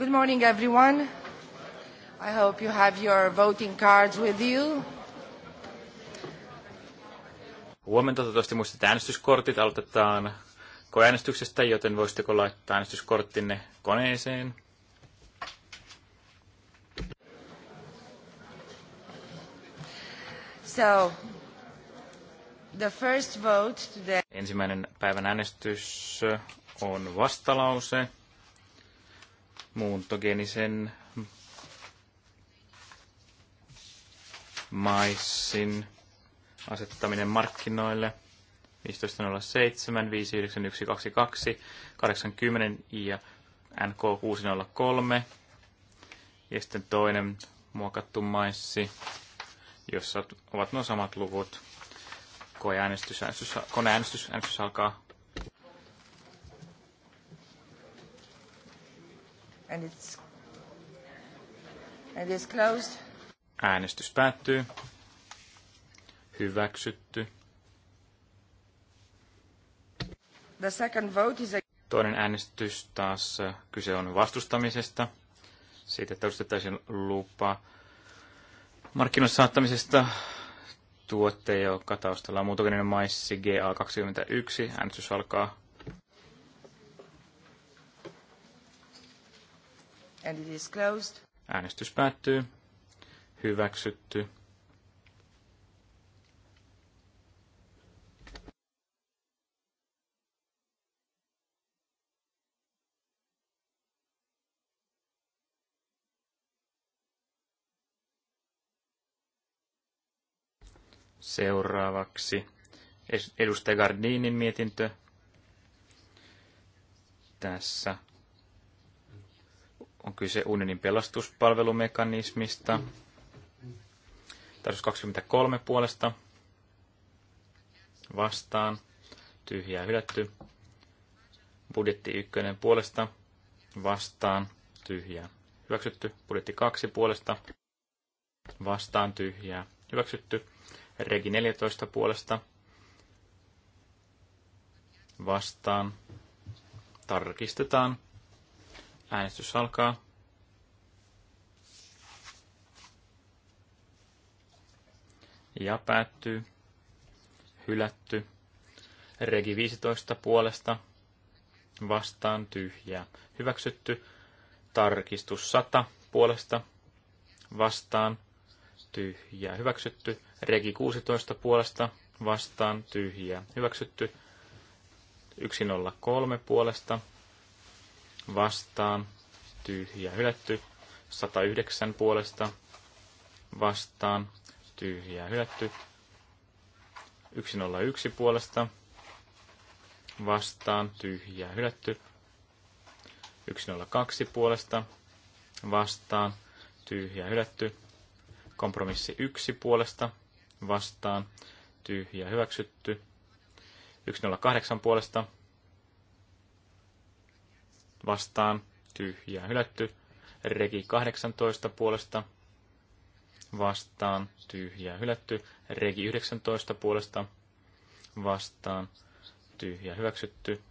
Good morning, everyone. I hope you have your voting cards with you. Huomenta toivottavasti muistatte äänestyskortit. Aloitetaan koeäänestyksestä, joten voisitteko laittaa äänestyskorttinne koneeseen. So, the first vote today. Ensimmäinen päivän äänestys on vastalause muuntogenisen maissin asettaminen markkinoille 1507, 59122, 80 ja NK603. Ja sitten toinen muokattu maissi, jossa ovat nuo samat luvut. Koeäänestys, äänestys, koneäänestys, äänestys alkaa And it's, and it's closed. Äänestys päättyy. Hyväksytty. The second vote is a... Toinen äänestys taas kyse on vastustamisesta. Siitä, että ostettaisiin lupa markkinoille saattamisesta tuotte, joka taustalla on muutogeninen maissi GA21. Äänestys alkaa. And it is closed. Äänestys päättyy. Hyväksytty. Seuraavaksi edustaja Gardinin mietintö. Tässä on kyse unionin pelastuspalvelumekanismista. Tarkoitus 23 puolesta vastaan, tyhjää hylätty. Budjetti 1 puolesta vastaan, tyhjää hyväksytty. Budjetti 2 puolesta vastaan, tyhjää hyväksytty. Regi 14 puolesta vastaan, tarkistetaan. Äänestys alkaa. Ja päättyy. Hylätty. Regi 15 puolesta. Vastaan tyhjää. Hyväksytty. Tarkistus 100 puolesta. Vastaan tyhjää. Hyväksytty. Regi 16 puolesta. Vastaan tyhjää. Hyväksytty. 103 puolesta vastaan, tyhjä hylätty. 109 puolesta vastaan, tyhjä hylätty. 101 puolesta vastaan, tyhjä hylätty. 102 puolesta vastaan, tyhjä hylätty. Kompromissi 1 puolesta vastaan, tyhjä hyväksytty. 108 puolesta vastaan, tyhjää hylätty. Regi 18 puolesta vastaan, tyhjää hylätty. Regi 19 puolesta vastaan, tyhjää hyväksytty.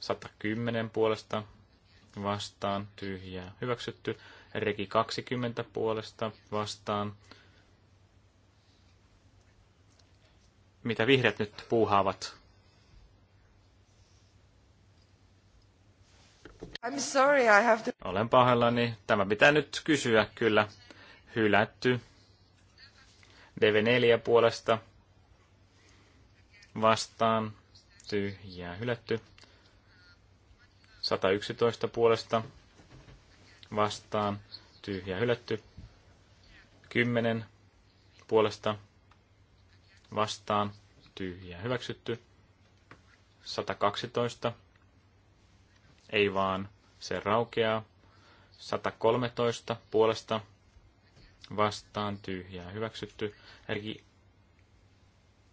110 puolesta vastaan, tyhjää hyväksytty. Regi 20 puolesta vastaan. Mitä vihreät nyt puuhaavat? I'm sorry, I have to... Olen pahoillani. Tämä pitää nyt kysyä kyllä. Hylätty. DV4 puolesta vastaan. Tyhjää hylätty. 111 puolesta vastaan. Tyhjää hylätty. 10 puolesta vastaan. Tyhjää hyväksytty. 112. Ei vaan. Se raukeaa. 113 puolesta vastaan tyhjää hyväksytty. Eli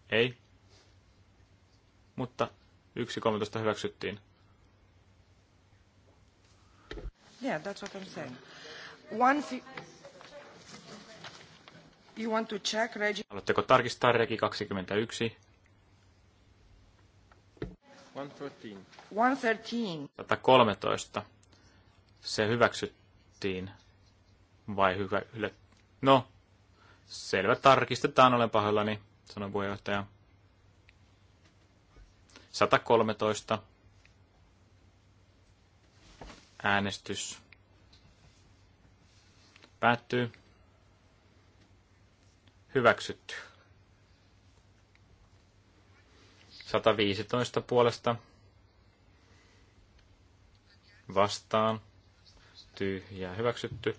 ei. Mutta 1.13 hyväksyttiin. Yeah, that's what I'm saying. One You want to check regi... Haluatteko tarkistaa regi 21? 113. 113 se hyväksyttiin vai hyvä, yle? No, selvä, tarkistetaan, olen pahoillani, sanoi puheenjohtaja. 113. Äänestys päättyy. Hyväksytty. 115 puolesta vastaan ja hyväksytty.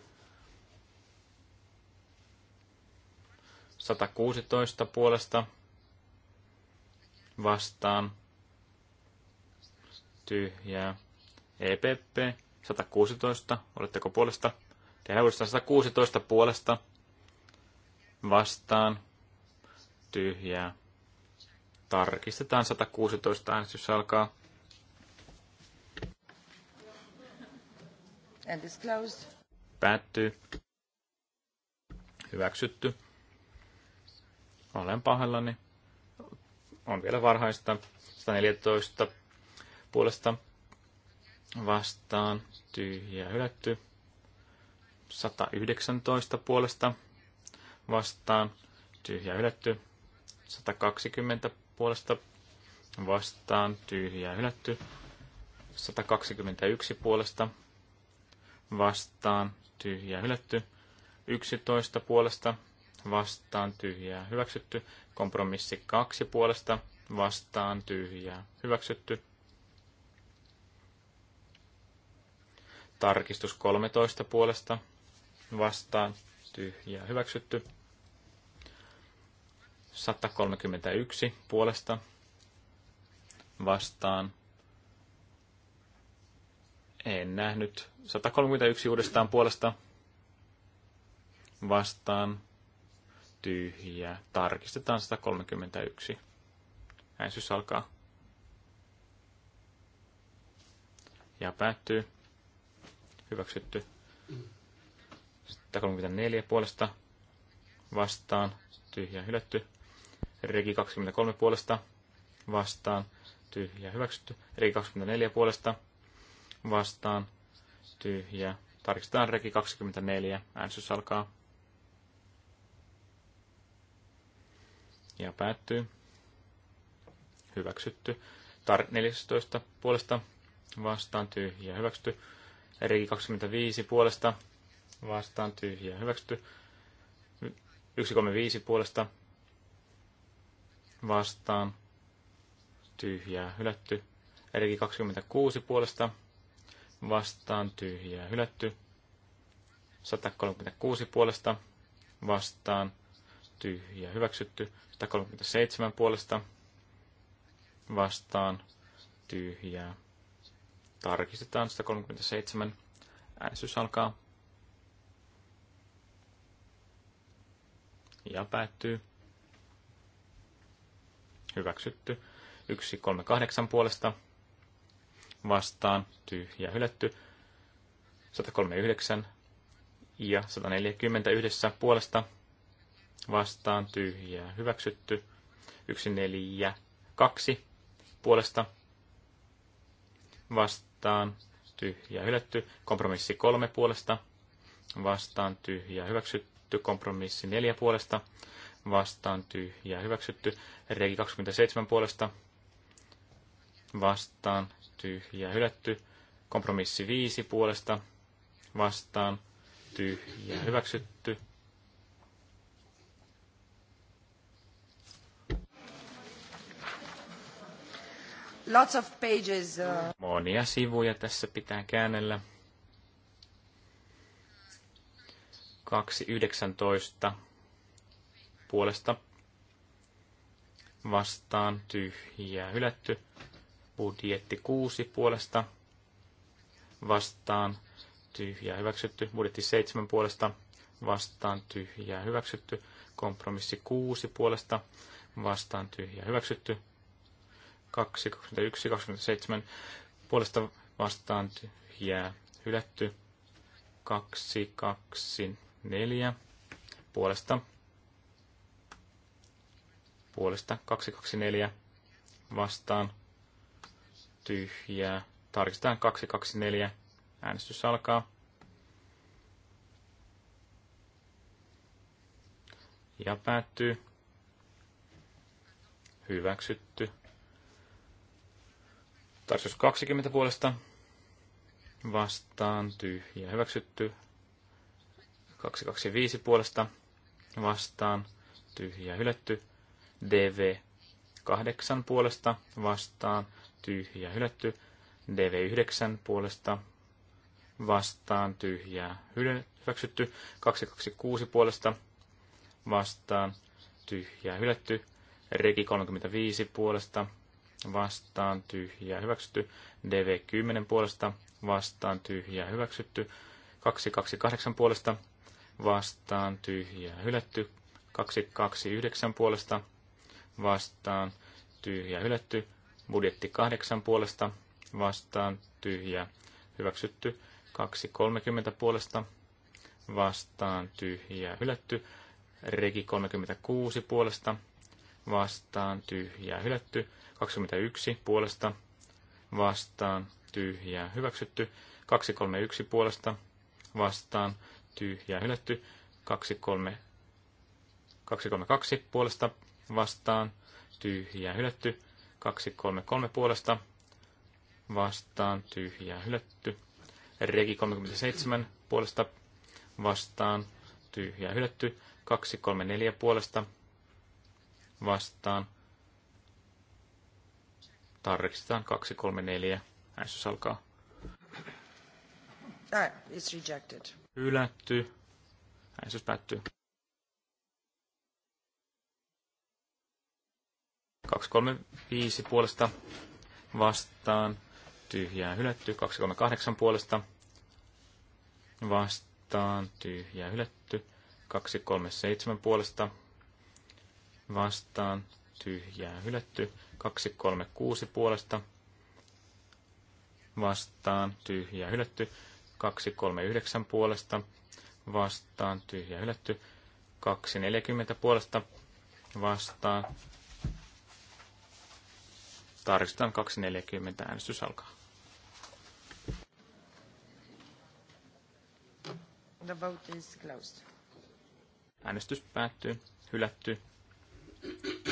116 puolesta vastaan tyhjää. EPP 116, oletteko puolesta? Tehdään uudestaan 116 puolesta vastaan tyhjää. Tarkistetaan 116 äänestys alkaa. And Päättyy. Hyväksytty. Olen pahallani. On vielä varhaista. 114 puolesta vastaan. Tyhjä hylätty. 119 puolesta vastaan. Tyhjä hylätty. 120 puolesta vastaan. Tyhjä hylätty. 121 puolesta vastaan tyhjää hylätty. 11 puolesta vastaan tyhjää hyväksytty. Kompromissi 2 puolesta vastaan tyhjää hyväksytty. Tarkistus 13 puolesta vastaan tyhjää hyväksytty. 131 puolesta vastaan en nähnyt. 131 uudestaan puolesta vastaan tyhjä. Tarkistetaan 131. Äänestys alkaa. Ja päättyy. Hyväksytty. 134 puolesta vastaan tyhjä hylätty. Regi 23 puolesta vastaan tyhjä hyväksytty. Regi 24 puolesta vastaan, tyhjä. Tarkistetaan reki 24, äänestys alkaa. Ja päättyy. Hyväksytty. Tar 14 puolesta vastaan tyhjä hyväksytty. Reki 25 puolesta vastaan tyhjä hyväksytty. 135 puolesta vastaan tyhjää hylätty. Eriki 26 puolesta vastaan tyhjää hylätty. 136 puolesta vastaan tyhjää hyväksytty. 137 puolesta vastaan tyhjää. Tarkistetaan 137. Äänestys alkaa. Ja päättyy. Hyväksytty. 138 puolesta vastaan, tyhjä hylätty. 139 ja 140 yhdessä puolesta vastaan, tyhjää hyväksytty. 142 puolesta vastaan, tyhjä hylätty. Kompromissi 3 puolesta vastaan, tyhjä hyväksytty. Kompromissi 4 puolesta vastaan, tyhjä hyväksytty. Regi 27 puolesta vastaan, tyhjä, hylätty. Kompromissi viisi puolesta vastaan tyhjää hyväksytty. Lots of pages. Uh... Monia sivuja tässä pitää käännellä. 2.19 puolesta vastaan tyhjää hylätty. Budjetti 6 puolesta vastaan tyhjää hyväksytty. Budjetti 7 puolesta vastaan tyhjää hyväksytty. Kompromissi 6 puolesta vastaan tyhjää hyväksytty. 2, 21, 27 puolesta vastaan tyhjää hylätty. 2, 2, 4 puolesta puolesta 224 vastaan tyhjää. Tarkistetaan 224. Äänestys alkaa. Ja päättyy. Hyväksytty. Tarkistus 20 puolesta. Vastaan tyhjä. Hyväksytty. 225 puolesta. Vastaan tyhjä. Hylätty. DV 8 puolesta. Vastaan tyhjää hylätty. DV9 puolesta vastaan tyhjää hyväksytty. 226 puolesta vastaan tyhjää hylätty. Regi 35 puolesta vastaan tyhjää hyväksytty. DV10 puolesta vastaan tyhjää hyväksytty. 228 puolesta vastaan tyhjää hylätty. 229 puolesta vastaan tyhjää hylätty. Budjetti kahdeksan puolesta vastaan tyhjä Hyväksytty 2.30 puolesta vastaan tyhjä Hylätty Regi 36 puolesta vastaan tyhjä Hylätty 21 puolesta vastaan tyhjä Hyväksytty 231 puolesta vastaan tyhjä Hylätty 23 232 puolesta vastaan, tyhjä hylätty, 233 puolesta vastaan tyhjää hylätty. Regi 37 puolesta vastaan tyhjää hylätty. 234 puolesta vastaan. Tarkistetaan 234. Äänestys alkaa. rejected. Hylätty. Äänestys päättyy. 235 puolesta vastaan, tyhjää hylätty. 238 puolesta vastaan, tyhjää hylätty. 237 puolesta vastaan, tyhjää hylätty. 236 puolesta vastaan, tyhjää hylätty. 239 puolesta vastaan, tyhjää hylätty. 240 puolesta vastaan, Tarkistetaan 240. Äänestys alkaa. The vote is closed. Äänestys päättyy. Hylätty.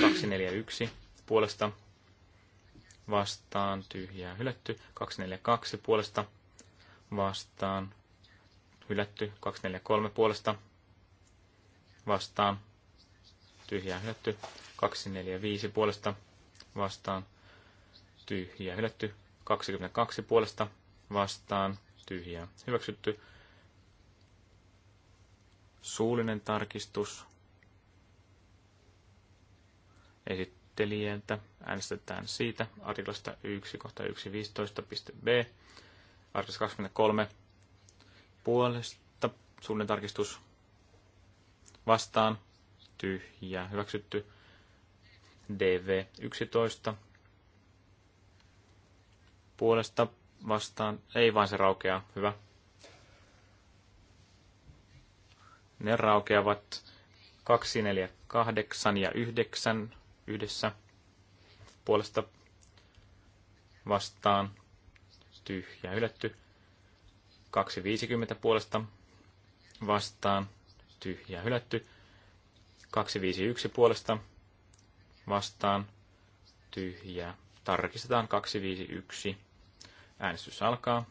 241 puolesta vastaan tyhjää hylätty. 242 puolesta vastaan hylätty. 243 puolesta vastaan tyhjää hylätty. 245 puolesta vastaan tyhjiä hylätty. 22 puolesta vastaan tyhjiä hyväksytty. Suullinen tarkistus esittelijältä. Äänestetään siitä artiklasta 1 kohta 1.15.b. Artiklas 23 puolesta suullinen tarkistus vastaan tyhjiä hyväksytty. DV 11 puolesta vastaan. Ei vaan se raukeaa. Hyvä. Ne raukeavat 2, 4, 8 ja 9 yhdessä puolesta vastaan. Tyhjä hylätty. 50 puolesta vastaan. Tyhjä hylätty. 1 puolesta vastaan. Tyhjä. Tarkistetaan 251. Äänestys alkaa.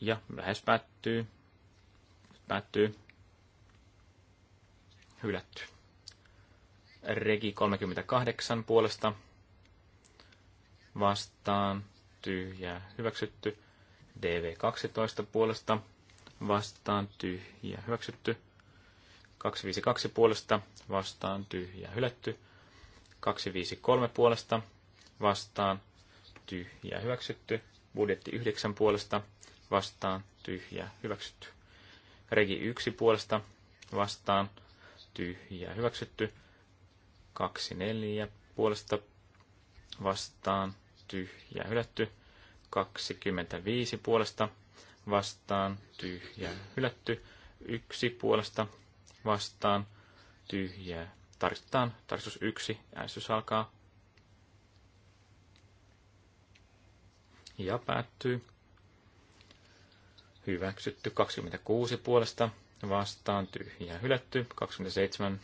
Ja lähes päättyy. Päättyy. Hylätty. Regi 38 puolesta vastaan Tyhjä hyväksytty. DV12 puolesta vastaan tyhjä hyväksytty. 252 puolesta vastaan tyhjä hylätty. 253 puolesta vastaan tyhjä hyväksytty. Budjetti 9 puolesta vastaan tyhjä hyväksytty. Regi 1 puolesta vastaan tyhjä hyväksytty. 24 puolesta vastaan tyhjä hylätty. 25 puolesta vastaan tyhjä hylätty. 1 puolesta vastaan tyhjä Tarkistetaan tarkistus 1. Äänestys alkaa. Ja päättyy. Hyväksytty 26 puolesta vastaan tyhjä hylätty. 27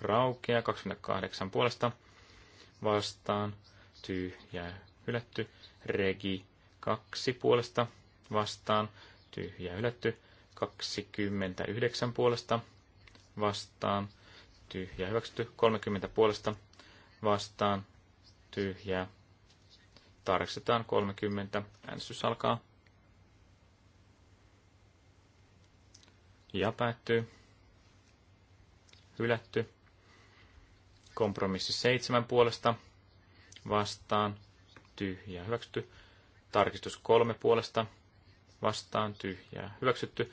raukea. 28 puolesta vastaan tyhjä hylätty. Regi 2 puolesta vastaan tyhjä hylätty. 29 puolesta vastaan tyhjää hyväksytty. 30 puolesta vastaan tyhjää. Tarkistetaan 30. Äänestys alkaa. Ja päättyy. Hylätty. Kompromissi 7 puolesta vastaan tyhjää hyväksytty. Tarkistus 3 puolesta vastaan tyhjää hyväksytty.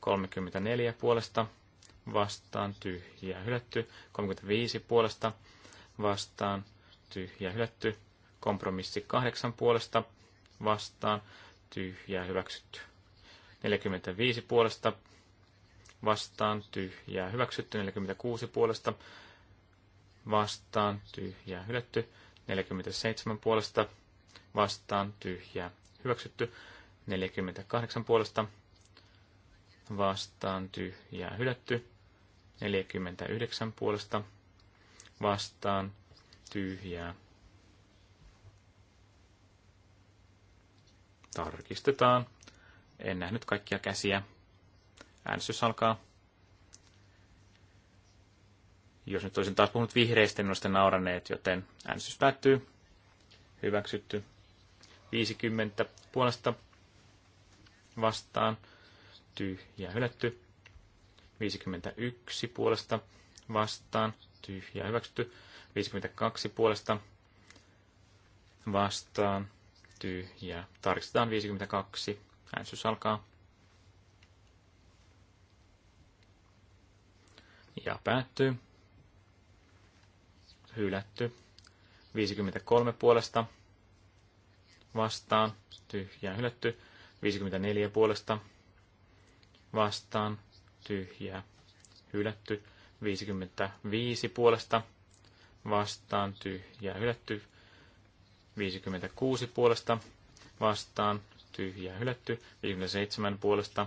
34 puolesta vastaan tyhjiä hylätty. 35 puolesta vastaan tyhjiä hylätty. Kompromissi 8 puolesta vastaan tyhjiä hyväksytty. 45 puolesta vastaan tyhjiä hyväksytty. 46 puolesta vastaan tyhjiä hylätty. 47 puolesta vastaan tyhjiä hyväksytty. 48 puolesta vastaan tyhjiä hylätty. 49 puolesta vastaan tyhjää. Tarkistetaan. En nähnyt kaikkia käsiä. Äänestys alkaa. Jos nyt olisin taas puhunut vihreistä, niin olisitte nauraneet, joten äänestys päättyy. Hyväksytty. 50 puolesta vastaan. tyhjä hylätty. 51 puolesta vastaan, tyhjä hyväksytty. 52 puolesta vastaan, tyhjä Tarkistetaan 52. Äänestys alkaa. Ja päättyy. Hylätty. 53 puolesta vastaan, tyhjä hylätty. 54 puolesta vastaan, tyhjää hylätty. 55 puolesta vastaan tyhjää hylätty. 56 puolesta vastaan tyhjää hylätty. 57 puolesta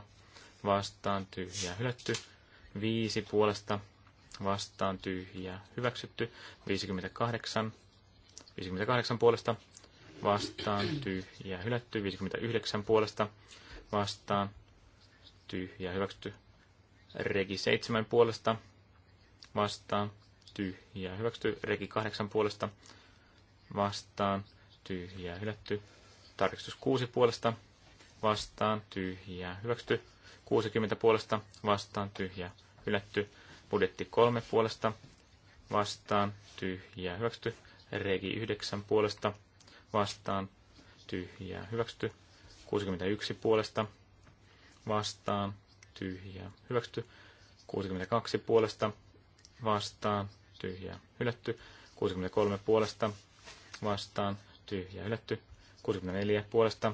vastaan tyhjää hylätty. 5 puolesta vastaan tyhjää hyväksytty. 58 58 puolesta vastaan tyhjää hylätty. 59 puolesta vastaan tyhjää hyväksytty. Regi 7 puolesta vastaan tyhjää hyväksytty. Regi 8 puolesta vastaan tyhjää hylätty. Tarkistus 6 puolesta vastaan tyhjää hyväksytty. 60 puolesta vastaan tyhjää hylätty. Budjetti 3 puolesta vastaan tyhjää hyväksytty. Regi 9 puolesta vastaan tyhjää hyväksytty. 61 puolesta vastaan tyhjää hyväksytty. 62 puolesta vastaan tyhjää hylätty. 63 puolesta vastaan tyhjää hylätty. 64 puolesta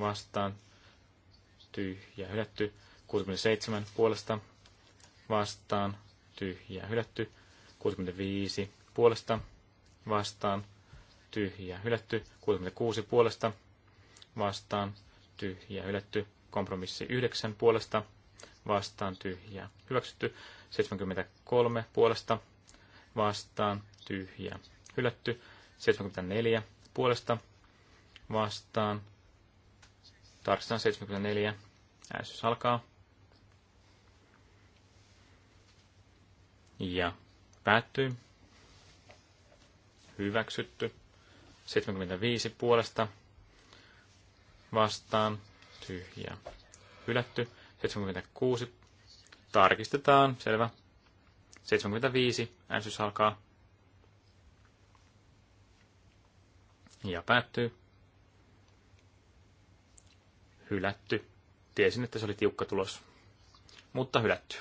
vastaan tyhjää hylätty. 67 puolesta vastaan tyhjää hylätty. 65 puolesta vastaan tyhjää hylätty. 66 puolesta vastaan tyhjää hylätty. Kompromissi 9 puolesta vastaan tyhjää. Hyväksytty 73 puolesta vastaan tyhjää. Hylätty 74 puolesta vastaan. Tarkistetaan 74. Äänestys alkaa. Ja päättyy. Hyväksytty. 75 puolesta vastaan. Tyhjää. Hylätty. 76. Tarkistetaan, selvä. 75. Äänsys alkaa. Ja päättyy. Hylätty. Tiesin, että se oli tiukka tulos. Mutta hylätty.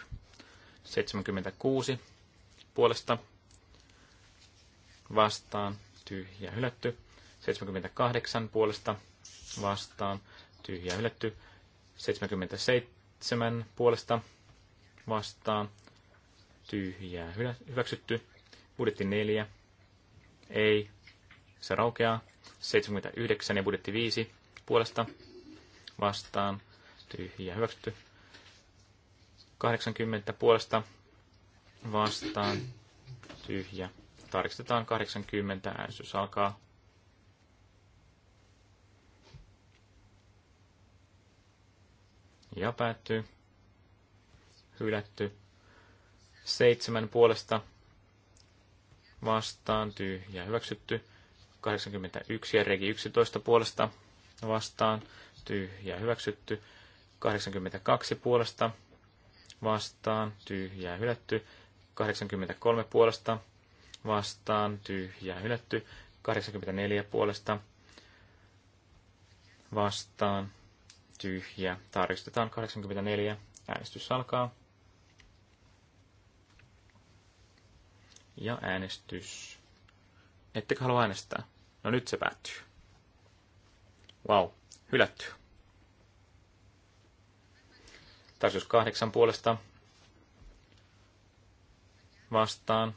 76. Puolesta. Vastaan. Tyhjä hylätty. 78 puolesta vastaan. Tyhjä hylätty. 77 seitsemän puolesta vastaan tyhjää hyväksytty. Budjetti 4 ei, se raukeaa. 79 ja budjetti 5 puolesta vastaan tyhjää hyväksytty. 80 puolesta vastaan tyhjä. Tarkistetaan 80, äänestys alkaa. ja päättyy. Hylätty. Seitsemän puolesta vastaan tyhjä hyväksytty. 81 ja regi 11 puolesta vastaan tyhjä hyväksytty. 82 puolesta vastaan tyhjä hylätty. 83 puolesta vastaan tyhjä hylätty. 84 puolesta vastaan tyhjä. Tarkistetaan 84. Äänestys alkaa. Ja äänestys. Ettekö halua äänestää? No nyt se päättyy. Vau, wow. hylätty. Tarkistus kahdeksan puolesta. Vastaan.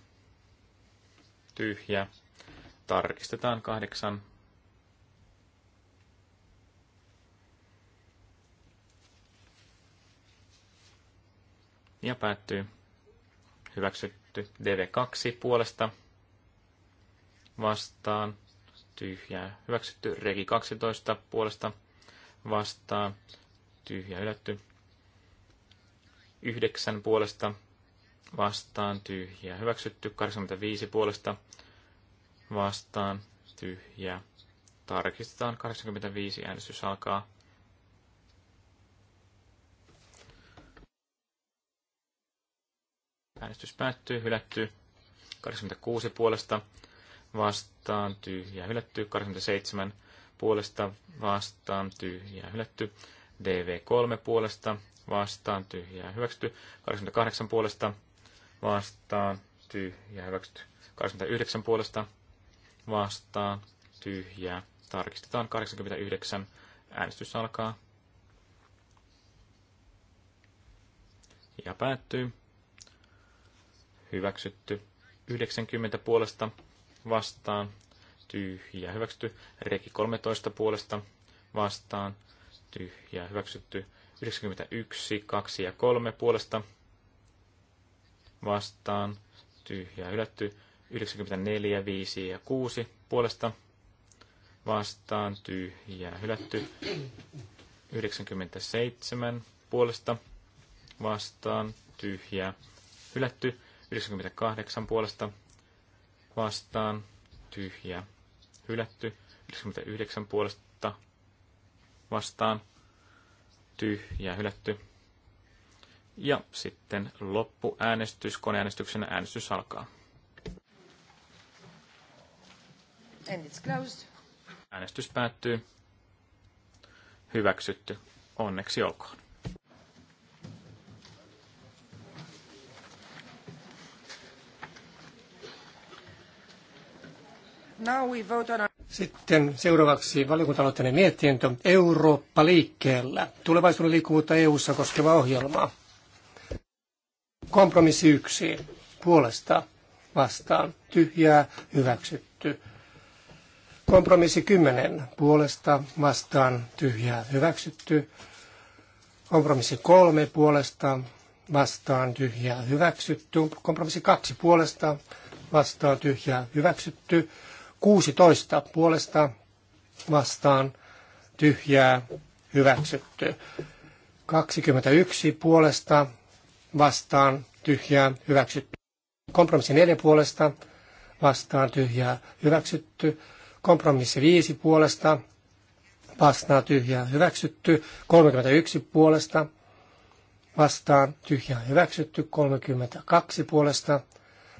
Tyhjä. Tarkistetaan kahdeksan ja päättyy hyväksytty DV2 puolesta vastaan tyhjää hyväksytty regi 12 puolesta vastaan tyhjää hylätty 9 puolesta vastaan tyhjää hyväksytty 85 puolesta vastaan tyhjää tarkistetaan 85 äänestys alkaa Äänestys päättyy, hylätty. 86 puolesta vastaan, tyhjä, hylätty. 87 puolesta vastaan, tyhjä, hylätty. DV3 puolesta vastaan, tyhjä, hyväksytty. 88 puolesta vastaan, tyhjä, hyväksytty. 89 puolesta vastaan, tyhjä. Tarkistetaan 89. Äänestys alkaa. Ja päättyy hyväksytty. 90 puolesta vastaan, tyhjä hyväksytty. Reki 13 puolesta vastaan, tyhjä hyväksytty. 91, 2 ja 3 puolesta vastaan, tyhjä hylätty. 94, 5 ja 6 puolesta vastaan, tyhjä hylätty. 97 puolesta vastaan, tyhjä hylätty. 98 puolesta vastaan, tyhjä, hylätty. 99 puolesta vastaan, tyhjä, hylätty. Ja sitten loppuäänestys, koneäänestyksen äänestys alkaa. And it's closed. Äänestys päättyy. Hyväksytty. Onneksi olkoon. Sitten seuraavaksi valiokunta mietintö Eurooppa liikkeellä. Tulevaisuuden liikkuvuutta EU-ssa koskeva ohjelma. Kompromissi yksi. Puolesta vastaan. Tyhjää hyväksytty. Kompromissi kymmenen Puolesta vastaan. Tyhjää hyväksytty. Kompromissi kolme Puolesta vastaan. Tyhjää hyväksytty. Kompromissi kaksi Puolesta vastaan. Tyhjää hyväksytty. 16 puolesta vastaan tyhjää hyväksytty. 21 puolesta vastaan tyhjää hyväksytty. Kompromissi 4 puolesta vastaan tyhjää hyväksytty. Kompromissi 5 puolesta vastaan tyhjää hyväksytty. 31 puolesta vastaan tyhjää hyväksytty. 32 puolesta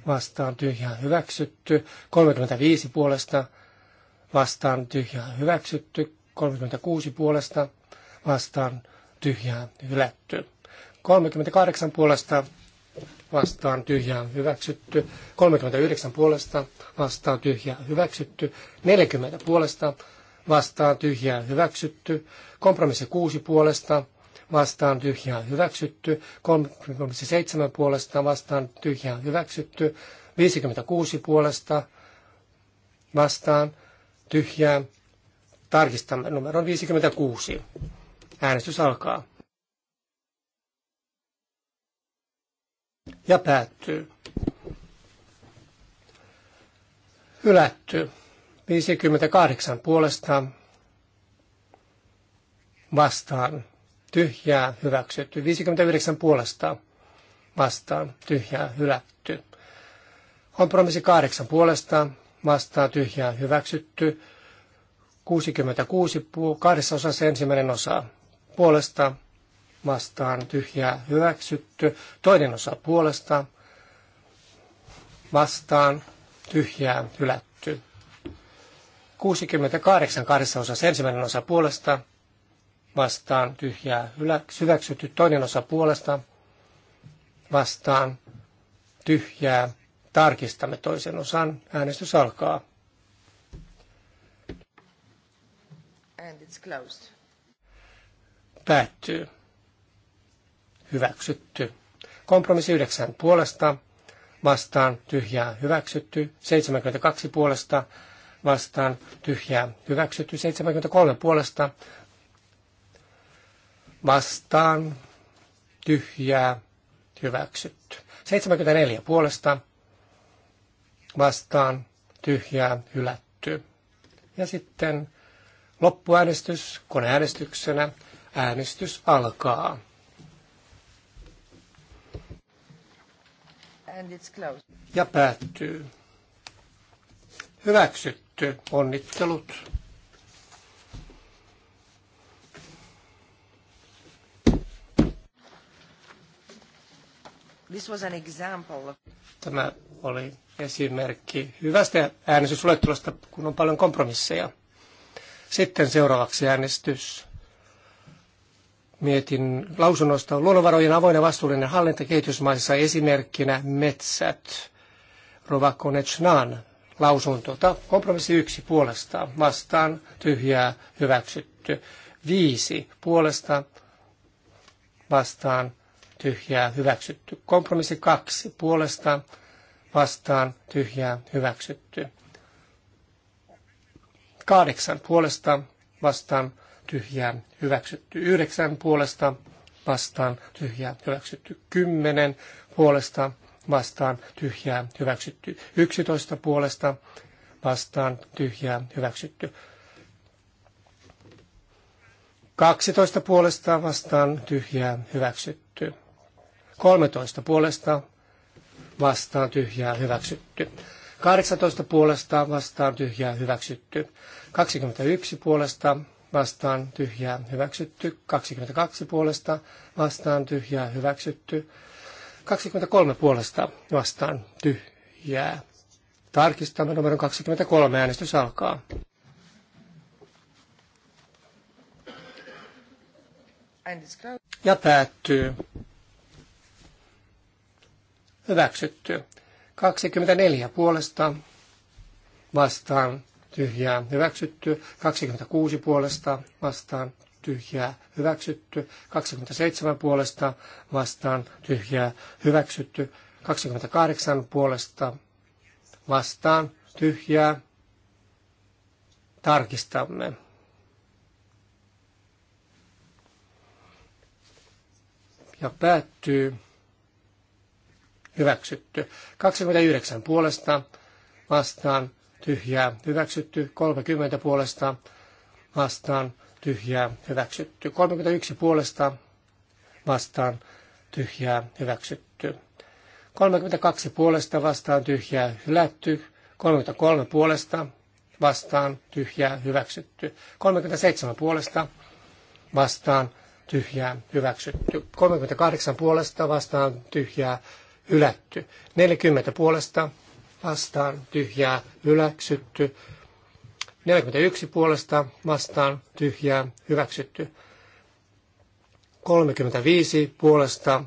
vastaan tyhjää hyväksytty, 35 puolesta vastaan tyhjää hyväksytty, 36 puolesta vastaan tyhjää hylätty, 38 puolesta vastaan tyhjää hyväksytty, 39 puolesta vastaan tyhjää hyväksytty, 40 puolesta vastaan tyhjää hyväksytty, kompromissi 6 puolesta vastaan tyhjää hyväksytty, 37 puolesta vastaan tyhjää hyväksytty, 56 puolesta vastaan tyhjää. Tarkistamme numero 56. Äänestys alkaa. Ja päättyy. Hylätty. 58 puolesta vastaan tyhjää hyväksytty. 59 puolesta vastaan tyhjää hylätty. Kompromissi 8 puolesta vastaan tyhjää hyväksytty. 66 kahdessa osassa ensimmäinen osa puolesta vastaan tyhjää hyväksytty. Toinen osa puolesta vastaan tyhjää hylätty. 68 kahdessa osassa ensimmäinen osa puolesta vastaan tyhjää hyväksytty, toinen osa puolesta vastaan tyhjää. Tarkistamme toisen osan. Äänestys alkaa. And it's closed. Päättyy. Hyväksytty. Kompromissi 9 puolesta vastaan tyhjää hyväksytty. 72 puolesta vastaan tyhjää hyväksytty. 73 puolesta vastaan tyhjää hyväksytty. 74 puolesta vastaan tyhjää hylätty. Ja sitten loppuäänestys koneäänestyksenä. Äänestys alkaa. And it's closed. Ja päättyy. Hyväksytty. Onnittelut. This was an example. Tämä oli esimerkki hyvästä äänestysluettelosta, kun on paljon kompromisseja. Sitten seuraavaksi äänestys. Mietin lausunnosta luonnonvarojen avoin ja vastuullinen hallinta kehitysmaissa esimerkkinä metsät. Rova Konechnan lausunto. Kompromissi yksi puolesta vastaan tyhjää hyväksytty. Viisi puolesta vastaan tyhjää hyväksytty. Kompromissi kaksi puolesta vastaan tyhjää hyväksytty. Kahdeksan puolesta vastaan tyhjää hyväksytty. Yhdeksän puolesta vastaan tyhjää hyväksytty. Kymmenen puolesta vastaan tyhjää hyväksytty. Yksitoista puolesta vastaan tyhjää hyväksytty. 12 puolesta vastaan tyhjää hyväksytty. 13 puolesta vastaan tyhjää hyväksytty. 18 puolesta vastaan tyhjää hyväksytty. 21 puolesta vastaan tyhjää hyväksytty. 22 puolesta vastaan tyhjää hyväksytty. 23 puolesta vastaan tyhjää. Tarkistamme numero 23. Äänestys alkaa. Ja päättyy hyväksytty. 24 puolesta vastaan tyhjää hyväksytty, 26 puolesta vastaan tyhjää hyväksytty, 27 puolesta vastaan tyhjää hyväksytty, 28 puolesta vastaan tyhjää tarkistamme. Ja päättyy hyväksytty. 29 puolesta vastaan tyhjää hyväksytty. 30 puolesta vastaan tyhjää hyväksytty. 31 puolesta vastaan tyhjää hyväksytty. 32 puolesta vastaan tyhjää hylätty. 33 puolesta vastaan tyhjää hyväksytty. 37 puolesta vastaan tyhjää hyväksytty. 38 puolesta vastaan tyhjää hylätty. 40 puolesta vastaan tyhjää hyväksytty. 41 puolesta vastaan tyhjää hyväksytty. 35 puolesta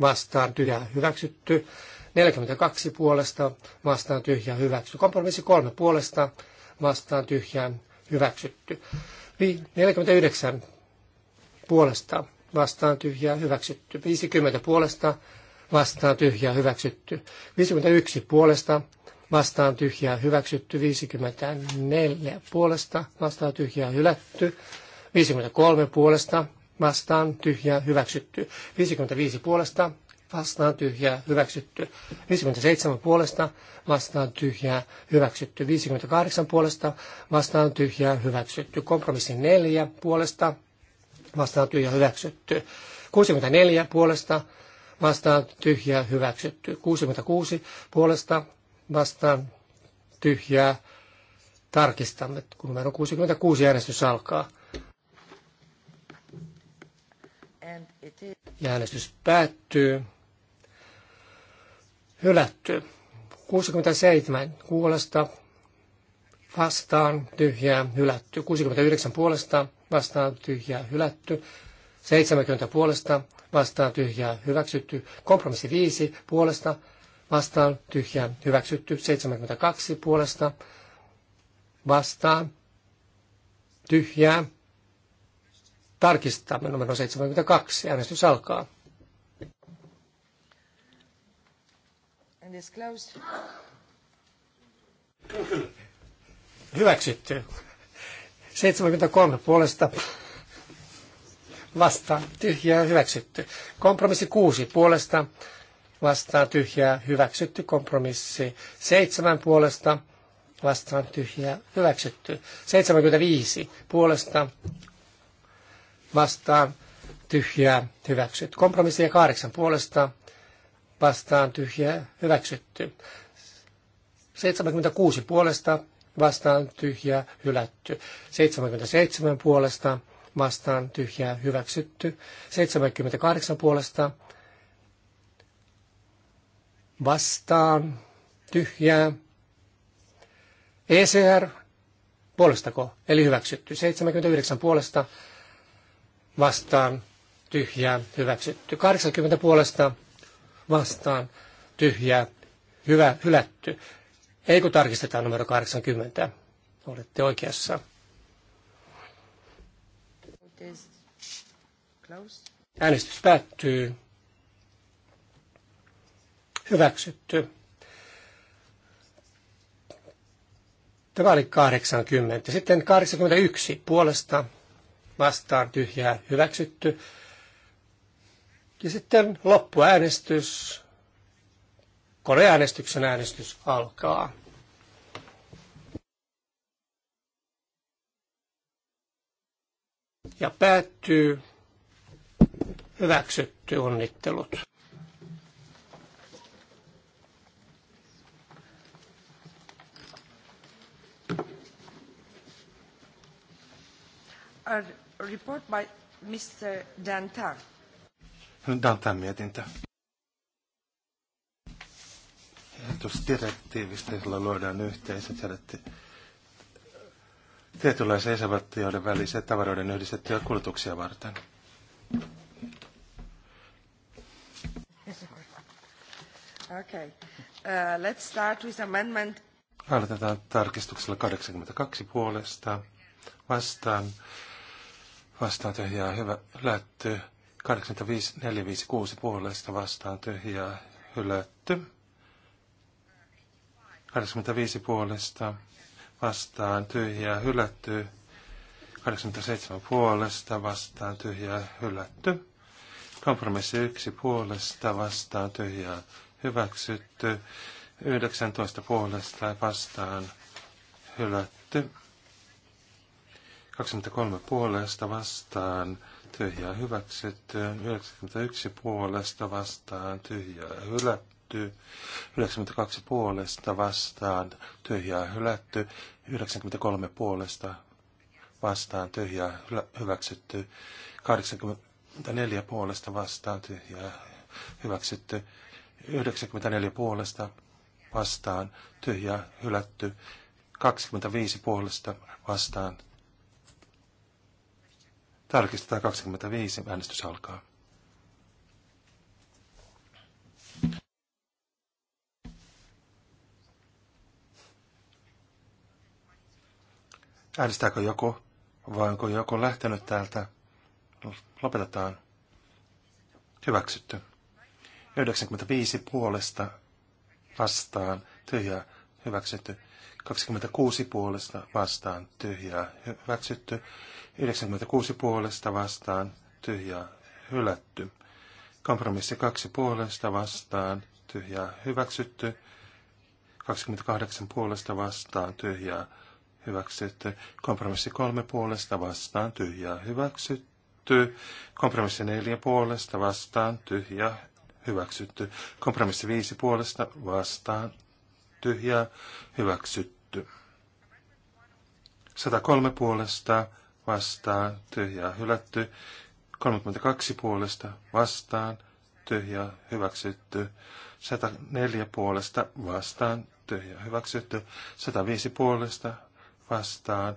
vastaan tyhjää hyväksytty. 42 puolesta vastaan tyhjää hyväksytty. Kompromissi 3 puolesta vastaan tyhjää hyväksytty. 49 puolesta vastaan tyhjää hyväksytty. 50 puolesta vastaan tyhjää hyväksytty. 51 puolesta vastaan tyhjää hyväksytty. 54 puolesta vastaan tyhjää hylätty. 53 puolesta vastaan tyhjää hyväksytty. 55 puolesta vastaan tyhjää hyväksytty. 57 puolesta vastaan tyhjää hyväksytty. 58 puolesta vastaan tyhjää hyväksytty. Kompromissi 4 puolesta vastaan tyhjää hyväksytty. 64 puolesta vastaan tyhjää hyväksytty. 66 puolesta vastaan tyhjää tarkistamme, kun numero 66 äänestys alkaa. Ja äänestys päättyy. Hylätty. 67 puolesta vastaan tyhjää hylätty. 69 puolesta vastaan tyhjää hylätty. 70 puolesta vastaan tyhjää hyväksytty. Kompromissi 5 puolesta vastaan tyhjää hyväksytty. 72 puolesta vastaan tyhjää. Tarkistamme numero 72. Äänestys alkaa. Hyväksytty. 73 puolesta vastaan tyhjää hyväksytty. Kompromissi kuusi puolesta vastaan tyhjää hyväksytty. Kompromissi seitsemän puolesta vastaan tyhjää hyväksytty. 75 puolesta vastaan tyhjää hyväksytty. Kompromissi kahdeksan puolesta vastaan tyhjää hyväksytty. 76 puolesta vastaan tyhjää hylätty. 77 puolesta vastaan tyhjää hyväksytty. 78 puolesta vastaan tyhjää. ECR puolestako, eli hyväksytty. 79 puolesta vastaan tyhjää hyväksytty. 80 puolesta vastaan tyhjää hyvä, hylätty. Ei kun tarkistetaan numero 80. Olette oikeassa. Äänestys päättyy. Hyväksytty. Tämä oli 80. Sitten 81 puolesta vastaan tyhjää hyväksytty. Ja sitten loppuäänestys, koneäänestyksen äänestys alkaa. ja päättyy hyväksytty onnittelut. A report by Mr. Dantan. Dantan mietintö. Ehdotus direktiivistä, jolla luodaan yhteiset tietynlaisen isävaltioiden välisiä tavaroiden yhdistettyjä kulutuksia varten. Okay. Uh, let's start with amendment. Aloitetaan tarkistuksella 82 puolesta. Vastaan. Vastaan tyhjää. Hyvä. Lätty. 85, 456 puolesta. Vastaan tyhjää. Hylätty. 85 puolesta vastaan tyhjää hylätty. 87 puolesta vastaan tyhjää hylätty. Kompromissi 1 puolesta vastaan tyhjää hyväksytty. 19 puolesta vastaan hylätty. 23 puolesta vastaan tyhjää hyväksytty. 91 puolesta vastaan tyhjää hylätty hylätty, 92 puolesta vastaan tyhjää hylätty, 93 puolesta vastaan tyhjää hyväksytty, 84 puolesta vastaan tyhjää hyväksytty, 94 puolesta vastaan tyhjää hylätty, 25 puolesta vastaan. Tarkistetaan 25, äänestys alkaa. Äänestääkö joku? Vai onko joku lähtenyt täältä? Lopetetaan. Hyväksytty. 95 puolesta vastaan tyhjää hyväksytty. 26 puolesta vastaan tyhjää hyväksytty. 96 puolesta vastaan tyhjää hylätty. Kompromissi 2 puolesta vastaan tyhjää hyväksytty. 28 puolesta vastaan tyhjää hyväksytty. Kompromissi kolme puolesta vastaan tyhjää hyväksytty. Kompromissi neljä puolesta vastaan tyhjää hyväksytty. Kompromissi viisi puolesta vastaan tyhjää hyväksytty. 103 puolesta vastaan tyhjää hylätty. 32 puolesta vastaan tyhjää hyväksytty. 104 puolesta vastaan tyhjää hyväksytty. 105 puolesta vastaan,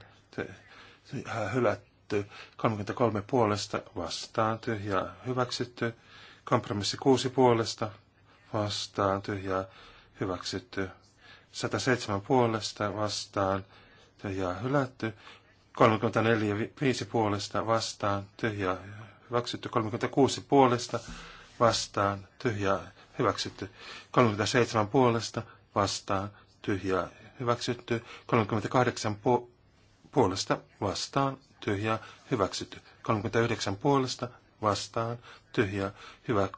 hylätty. 33 puolesta vastaan, tyhjää hyväksytty. Kompromissi 6 puolesta vastaan, tyhjää hyväksytty. 107 puolesta vastaan, tyhjää hylätty. 34 5 puolesta vastaan, tyhjää hyväksytty. 36 puolesta vastaan, tyhjää hyväksytty. 37 puolesta vastaan, tyhjää hyväksytty. 38 pu- puolesta vastaan tyhjää hyväksytty. 39 puolesta vastaan tyhjää hyvä.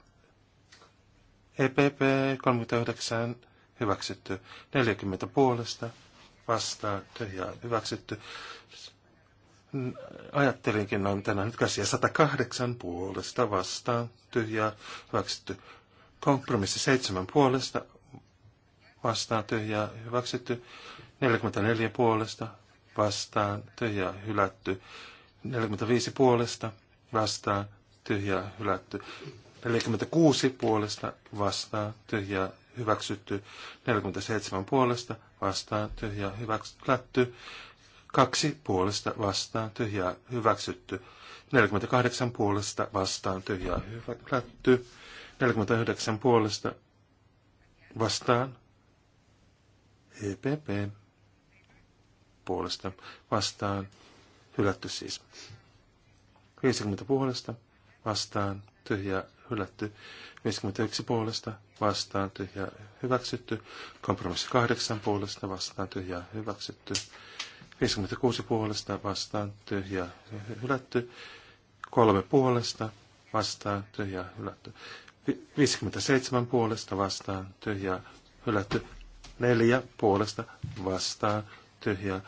EPP 39 hyväksytty. 40 puolesta vastaan tyhjää hyväksytty. Ajattelinkin noin tänään nyt käsiä 108 puolesta vastaan tyhjää hyväksytty. Kompromissi seitsemän puolesta vastaan tyhjää hyväksytty. 44 puolesta vastaan tyhjää hylätty. 45 puolesta vastaan tyhjää hylätty. 46 puolesta vastaan tyhjää hyväksytty. 47 puolesta vastaan tyhjää hyväksytty. 2 puolesta vastaan tyhjää hyväksytty. 48 puolesta vastaan tyhjää hylätty. 49 puolesta vastaan EPP puolesta vastaan, hylätty siis. 50 puolesta vastaan, tyhjä hylätty. 51 puolesta vastaan, tyhjä hyväksytty. Kompromissi 8 puolesta vastaan, tyhjä hyväksytty. 56 puolesta vastaan, tyhjä hylätty. 3 puolesta vastaan, tyhjä hylätty. 57 puolesta vastaan, tyhjä hylätty. 4 puolesta vastaan tyhjää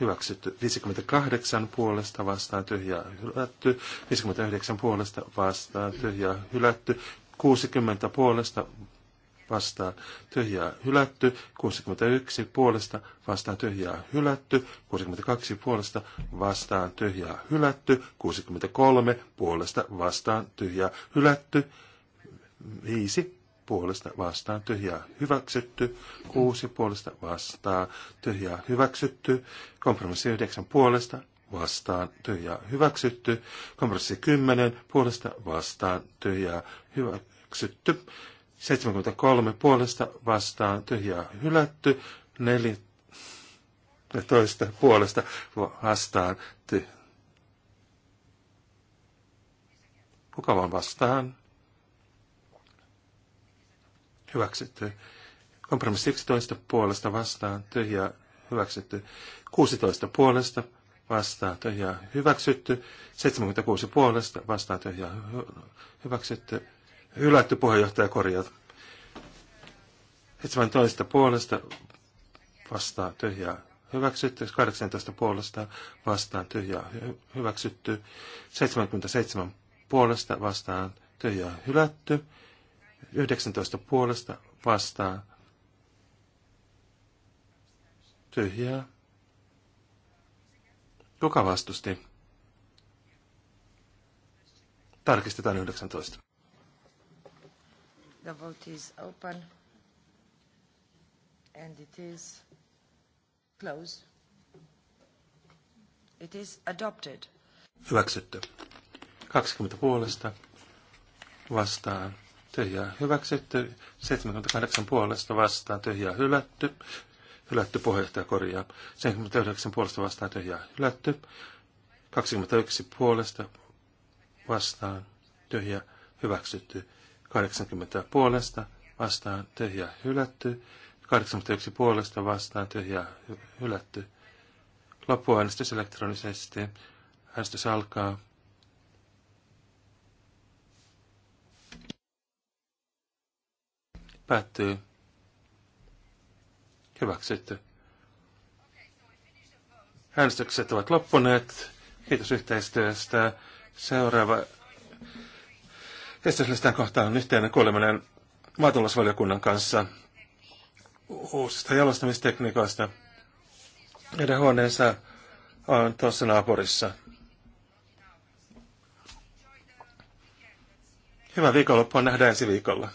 hyväksytty. 58 puolesta vastaan tyhjää hylätty. 59 puolesta vastaan tyhjää hylätty. 60 puolesta vastaan tyhjää hylätty, 61 puolesta vastaan tyhjää hylätty, 62 puolesta vastaan tyhjää hylätty, 63 puolesta vastaan tyhjää hylätty, 5 puolesta vastaan tyhjää hyväksytty, kuusi puolesta vastaan tyhjää hyväksytty, kompromissi yhdeksän puolesta vastaan tyhjää hyväksytty, kompromissi kymmenen puolesta vastaan tyhjää hyväksytty, 73 puolesta vastaan tyhjää hylätty, 14 puolesta vastaan tyhjää. Kuka vaan vastaan? hyväksytty. Kompromissi 11 puolesta vastaan, tyhjää hyväksytty. 16 puolesta vastaan, tyhjää hyväksytty. 76 puolesta vastaan, tyhjää hyväksytty. Hylätty puheenjohtaja korjaa. 17 puolesta vastaan, tyhjää hyväksytty, 18 puolesta vastaan tyhjää hyväksytty, 77 puolesta vastaan tyhjää hylätty, 19 puolesta vastaan. Tyhjää. Kuka vastusti? Tarkistetaan 19. The vote is open and it is closed. It is adopted. Hyväksytty. 20 puolesta vastaan tyhjää hyväksytty, 78 puolesta vastaan tyhjää hylätty, hylätty puheenjohtaja korjaa, 79 puolesta vastaan tyhjää hylätty, 21 puolesta vastaan tyhjää hyväksytty, 80 puolesta vastaan tyhjää hylätty, 81 puolesta vastaan tyhjää hylätty. Loppuäänestys elektronisesti. Äänestys alkaa. Päättyy. Hyväksytty. Äänestykset ovat loppuneet. Kiitos yhteistyöstä. Seuraava esityslistan kohta on yhteinen kuuleminen maatalousvaliokunnan kanssa uusista jalostamistekniikoista. Heidän huoneensa on tuossa naapurissa. Hyvää viikonloppua, nähdään ensi viikolla.